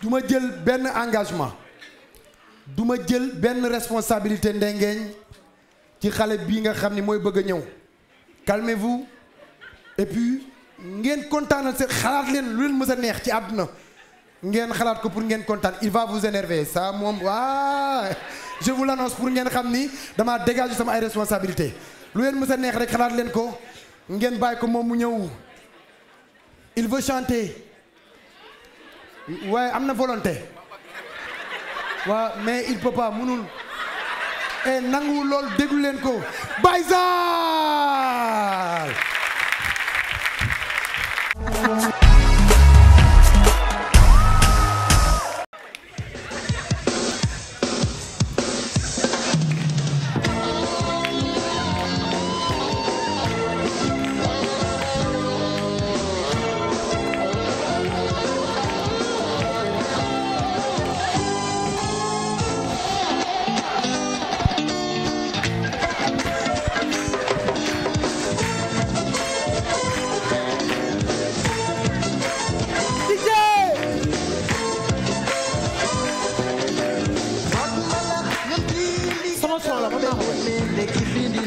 du ma jël benn engagement duma jël benn responsabilité ndengeeñ ci xale bii nga xam ni mooy bëgg a ñëw calmez-vous et puis ngeen kontaan seen xalaat leen lu leen mës a neex ci àdduna ngeen xalaat ko pour ngeen kontaan il va vous énerver ça moom waa je vous l'annonce pour ngeen xam ni damaa dégager sama ay responsabilité lu leen mës a neex rek xalaat leen ko ngeen bàyyi ko moom mu ñëw il veut chanter waaye am na volonté waa mais il peut pas mënul e eh, lool déglu leen ko Baye Zale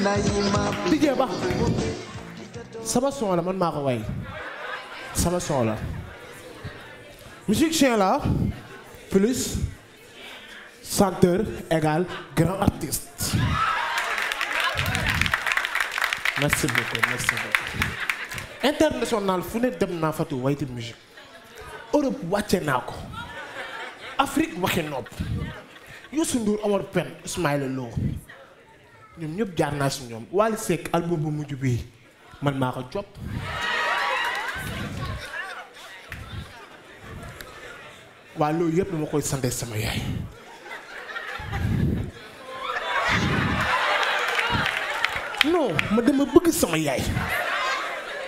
DJ Ba sama son la man maa ko way sama son la musicien la plus chanteur égal grand artiste merci international fu ne dem naa fatu wayti musique Europe wàcce naa ko Afrique waxi nopp Youssou Ndour Omar Pène Ismaïla Lo ñoom ñëpp jaar naa si ñoom Wally Seck album bu mujj bii man maa ko jot waa loolu yëpp dama koy sante sama yaay non ma dama bëgg sama yaay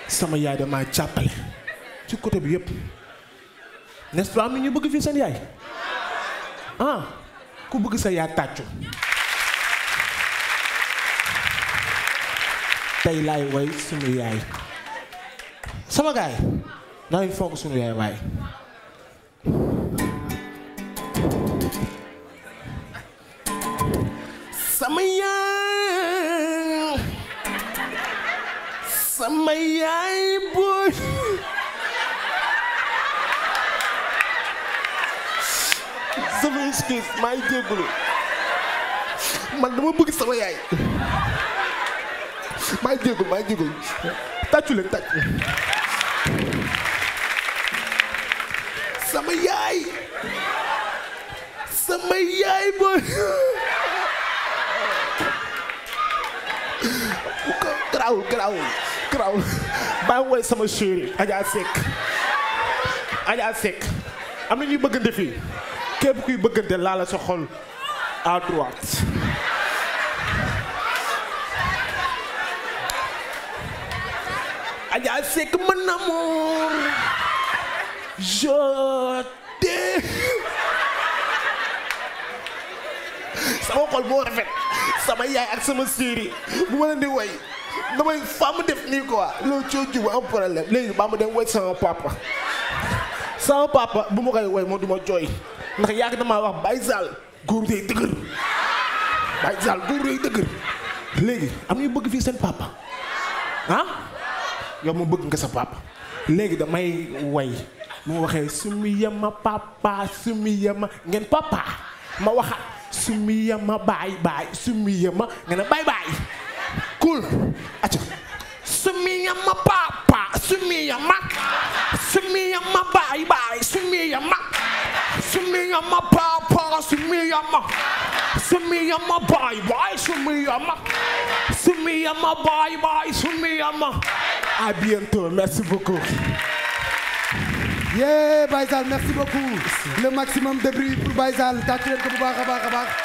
sama yaay damaa jàppale ci côté bi yëpp n'est-ce am na ñu bëgg fi seen yaay ah, ku bëgg sa yaay tàccu tey laay way sunu yaay sama gaay nañu fonk sunu yaay waay sama yaay sama yaay booy sama excuse maay jéggulu sama yaay maa jégalu maa jégalu tàccu leen tàccu sama yaay sama yaay booy garaawul garaawul garaawul baa ngi woy sama chéri Adja Seck Adja Seck am na ñuy bëggante fii képp kuy bëggante laala sa xol à droite Adja Seck mon amour je sama xol boo rafet sama yaay ak sama séeri bu ma leen di woy damay faa mu def nii quoi loolu coo juba am problème léegi baa ma dem woy sama papa sama papa bu ma koy woy moo duma jooy ndax yàgg damaa wax Baye Sall góor day dëgër Baye Sall góor day dëgër léegi am na ñu bëgg fii seen papa ah yow ma bëgg nga sa papa léegi damay way moo waxee sumi yama papa sumi yama ngeen papa ma waxaat sumi yama baay baay sumi yama ngeen baay baay cool acca sumi yama baay baay sumi yama sumi yama baay baay sumi yama À bientôt. Merci beaucoup. Yeah, Baye Zale merci beaucoup. Le maximum de bruit pour Baye Zale. Tàccu leen ko bu baax a baax a baax.